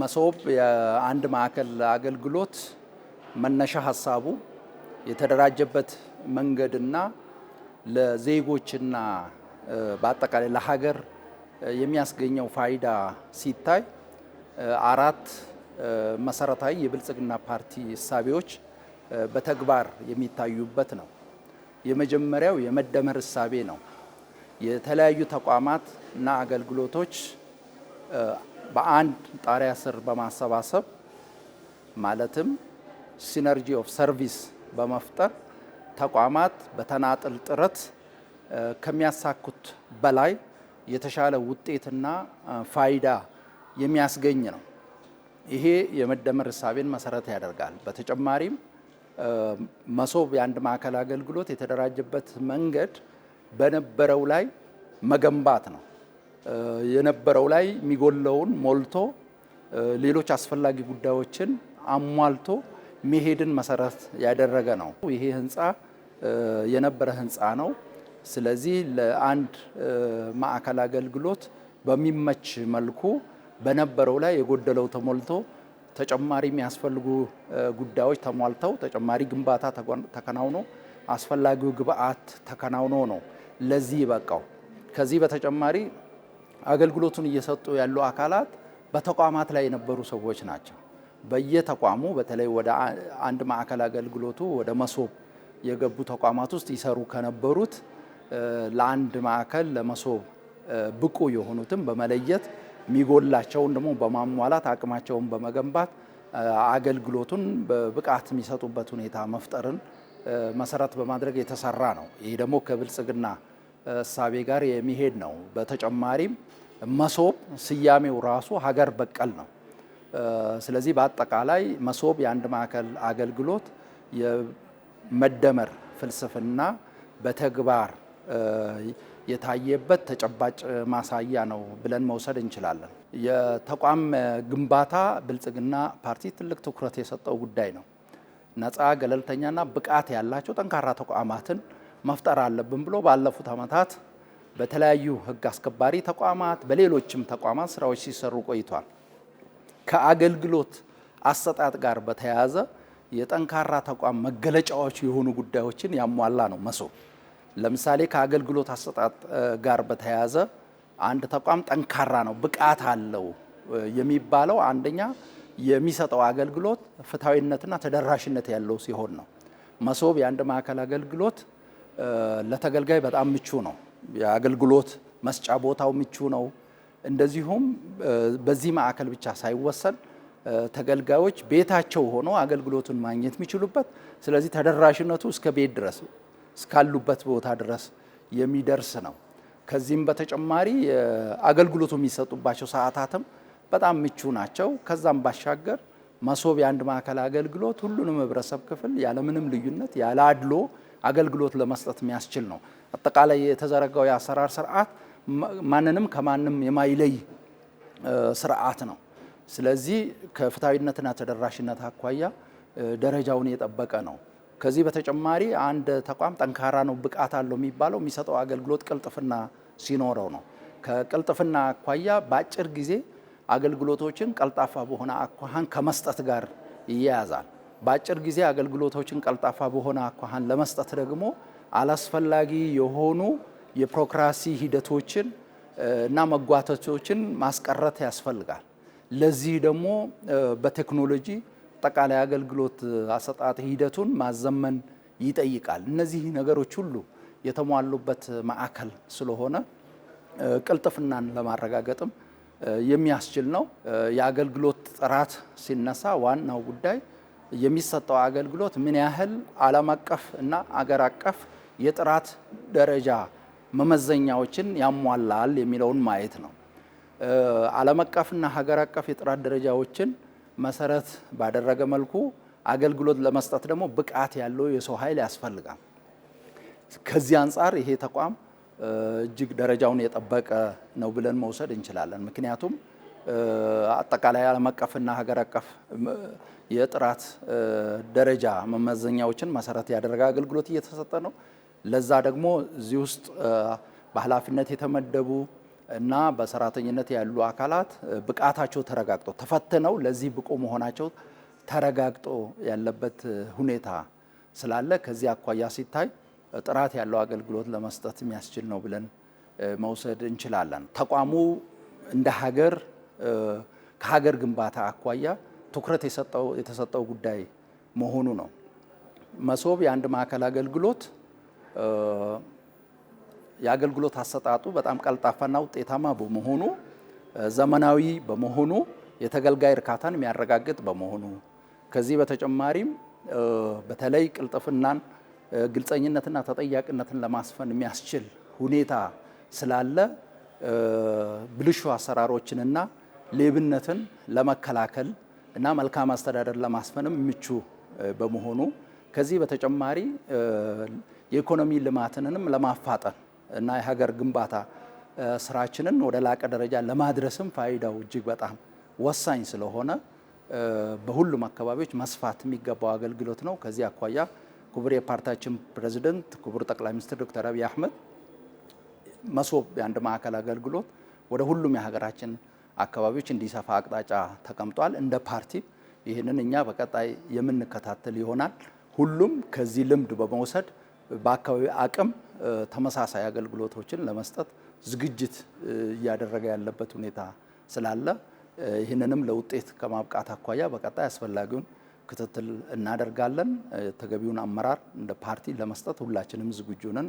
መሶብ የአንድ ማዕከል አገልግሎት መነሻ ሀሳቡ የተደራጀበት መንገድና ለዜጎችና በአጠቃላይ ለሀገር የሚያስገኘው ፋይዳ ሲታይ አራት መሰረታዊ የብልጽግና ፓርቲ እሳቤዎች በተግባር የሚታዩበት ነው። የመጀመሪያው የመደመር እሳቤ ነው። የተለያዩ ተቋማት እና አገልግሎቶች በአንድ ጣሪያ ስር በማሰባሰብ ማለትም ሲነርጂ ኦፍ ሰርቪስ በመፍጠር ተቋማት በተናጥል ጥረት ከሚያሳኩት በላይ የተሻለ ውጤትና ፋይዳ የሚያስገኝ ነው። ይሄ የመደመር እሳቤን መሰረት ያደርጋል። በተጨማሪም መሶብ የአንድ ማዕከል አገልግሎት የተደራጀበት መንገድ በነበረው ላይ መገንባት ነው። የነበረው ላይ የሚጎለውን ሞልቶ ሌሎች አስፈላጊ ጉዳዮችን አሟልቶ መሄድን መሰረት ያደረገ ነው። ይሄ ህንፃ የነበረ ህንፃ ነው። ስለዚህ ለአንድ ማዕከል አገልግሎት በሚመች መልኩ በነበረው ላይ የጎደለው ተሞልቶ ተጨማሪ የሚያስፈልጉ ጉዳዮች ተሟልተው ተጨማሪ ግንባታ ተከናውኖ አስፈላጊው ግብአት ተከናውኖ ነው ለዚህ ይበቃው። ከዚህ በተጨማሪ አገልግሎቱን እየሰጡ ያሉ አካላት በተቋማት ላይ የነበሩ ሰዎች ናቸው። በየተቋሙ በተለይ ወደ አንድ ማዕከል አገልግሎቱ ወደ መሶብ የገቡ ተቋማት ውስጥ ይሰሩ ከነበሩት ለአንድ ማዕከል ለመሶብ ብቁ የሆኑትን በመለየት የሚጎላቸውን ደግሞ በማሟላት አቅማቸውን በመገንባት አገልግሎቱን በብቃት የሚሰጡበት ሁኔታ መፍጠርን መሰረት በማድረግ የተሰራ ነው። ይህ ደግሞ ከብልጽግና እሳቤ ጋር የሚሄድ ነው። በተጨማሪም መሶብ ስያሜው ራሱ ሀገር በቀል ነው። ስለዚህ በአጠቃላይ መሶብ የአንድ ማዕከል አገልግሎት የመደመር ፍልስፍና በተግባር የታየበት ተጨባጭ ማሳያ ነው ብለን መውሰድ እንችላለን። የተቋም ግንባታ ብልጽግና ፓርቲ ትልቅ ትኩረት የሰጠው ጉዳይ ነው። ነፃ ገለልተኛና ብቃት ያላቸው ጠንካራ ተቋማትን መፍጠር አለብን ብሎ ባለፉት ዓመታት በተለያዩ ህግ አስከባሪ ተቋማት በሌሎችም ተቋማት ስራዎች ሲሰሩ ቆይቷል። ከአገልግሎት አሰጣጥ ጋር በተያያዘ የጠንካራ ተቋም መገለጫዎች የሆኑ ጉዳዮችን ያሟላ ነው መሶብ። ለምሳሌ ከአገልግሎት አሰጣጥ ጋር በተያያዘ አንድ ተቋም ጠንካራ ነው፣ ብቃት አለው የሚባለው አንደኛ የሚሰጠው አገልግሎት ፍትሐዊነትና ተደራሽነት ያለው ሲሆን ነው። መሶብ የአንድ ማዕከል አገልግሎት ለተገልጋይ በጣም ምቹ ነው። የአገልግሎት መስጫ ቦታው ምቹ ነው። እንደዚሁም በዚህ ማዕከል ብቻ ሳይወሰን ተገልጋዮች ቤታቸው ሆኖ አገልግሎቱን ማግኘት የሚችሉበት ስለዚህ ተደራሽነቱ እስከ ቤት ድረስ እስካሉበት ቦታ ድረስ የሚደርስ ነው። ከዚህም በተጨማሪ አገልግሎቱ የሚሰጡባቸው ሰዓታትም በጣም ምቹ ናቸው። ከዛም ባሻገር መሶብ የአንድ ማዕከል አገልግሎት ሁሉንም ህብረተሰብ ክፍል ያለምንም ልዩነት ያለ አድሎ አገልግሎት ለመስጠት የሚያስችል ነው። አጠቃላይ የተዘረጋው የአሰራር ስርዓት ማንንም ከማንም የማይለይ ስርዓት ነው። ስለዚህ ከፍትሐዊነትና ተደራሽነት አኳያ ደረጃውን የጠበቀ ነው። ከዚህ በተጨማሪ አንድ ተቋም ጠንካራ ነው፣ ብቃት አለው የሚባለው የሚሰጠው አገልግሎት ቅልጥፍና ሲኖረው ነው። ከቅልጥፍና አኳያ በአጭር ጊዜ አገልግሎቶችን ቀልጣፋ በሆነ አኳኋን ከመስጠት ጋር ይያያዛል። በአጭር ጊዜ አገልግሎቶችን ቀልጣፋ በሆነ አኳኋን ለመስጠት ደግሞ አላስፈላጊ የሆኑ የፕሮክራሲ ሂደቶችን እና መጓተቶችን ማስቀረት ያስፈልጋል። ለዚህ ደግሞ በቴክኖሎጂ አጠቃላይ አገልግሎት አሰጣጥ ሂደቱን ማዘመን ይጠይቃል። እነዚህ ነገሮች ሁሉ የተሟሉበት ማዕከል ስለሆነ ቅልጥፍናን ለማረጋገጥም የሚያስችል ነው። የአገልግሎት ጥራት ሲነሳ ዋናው ጉዳይ የሚሰጠው አገልግሎት ምን ያህል ዓለም አቀፍ እና አገር አቀፍ የጥራት ደረጃ መመዘኛዎችን ያሟላል የሚለውን ማየት ነው። ዓለም አቀፍና ሀገር አቀፍ የጥራት ደረጃዎችን መሰረት ባደረገ መልኩ አገልግሎት ለመስጠት ደግሞ ብቃት ያለው የሰው ኃይል ያስፈልጋል። ከዚህ አንጻር ይሄ ተቋም እጅግ ደረጃውን የጠበቀ ነው ብለን መውሰድ እንችላለን። ምክንያቱም አጠቃላይ ዓለም አቀፍና ሀገር አቀፍ የጥራት ደረጃ መመዘኛዎችን መሰረት ያደረገ አገልግሎት እየተሰጠ ነው። ለዛ ደግሞ እዚህ ውስጥ በኃላፊነት የተመደቡ እና በሰራተኝነት ያሉ አካላት ብቃታቸው ተረጋግጦ ተፈትነው ለዚህ ብቁ መሆናቸው ተረጋግጦ ያለበት ሁኔታ ስላለ ከዚህ አኳያ ሲታይ ጥራት ያለው አገልግሎት ለመስጠት የሚያስችል ነው ብለን መውሰድ እንችላለን። ተቋሙ እንደ ሀገር ከሀገር ግንባታ አኳያ ትኩረት የተሰጠው ጉዳይ መሆኑ ነው። መሶብ የአንድ ማዕከል አገልግሎት የአገልግሎት አሰጣጡ በጣም ቀልጣፋና ውጤታማ በመሆኑ ዘመናዊ በመሆኑ የተገልጋይ እርካታን የሚያረጋግጥ በመሆኑ ከዚህ በተጨማሪም በተለይ ቅልጥፍናን፣ ግልጸኝነትና ተጠያቂነትን ለማስፈን የሚያስችል ሁኔታ ስላለ ብልሹ አሰራሮችንና ሌብነትን ለመከላከል እና መልካም አስተዳደር ለማስፈንም ምቹ በመሆኑ ከዚህ በተጨማሪ የኢኮኖሚ ልማትንም ለማፋጠን እና የሀገር ግንባታ ስራችንን ወደ ላቀ ደረጃ ለማድረስም ፋይዳው እጅግ በጣም ወሳኝ ስለሆነ በሁሉም አካባቢዎች መስፋት የሚገባው አገልግሎት ነው። ከዚህ አኳያ ክቡር የፓርቲያችን ፕሬዚደንት ክቡር ጠቅላይ ሚኒስትር ዶክተር አብይ አህመድ መሶብ የአንድ ማዕከል አገልግሎት ወደ ሁሉም የሀገራችን አካባቢዎች እንዲሰፋ አቅጣጫ ተቀምጧል። እንደ ፓርቲ ይህንን እኛ በቀጣይ የምንከታተል ይሆናል። ሁሉም ከዚህ ልምድ በመውሰድ በአካባቢ አቅም ተመሳሳይ አገልግሎቶችን ለመስጠት ዝግጅት እያደረገ ያለበት ሁኔታ ስላለ ይህንንም ለውጤት ከማብቃት አኳያ በቀጣይ አስፈላጊውን ክትትል እናደርጋለን። ተገቢውን አመራር እንደ ፓርቲ ለመስጠት ሁላችንም ዝግጁ ነን።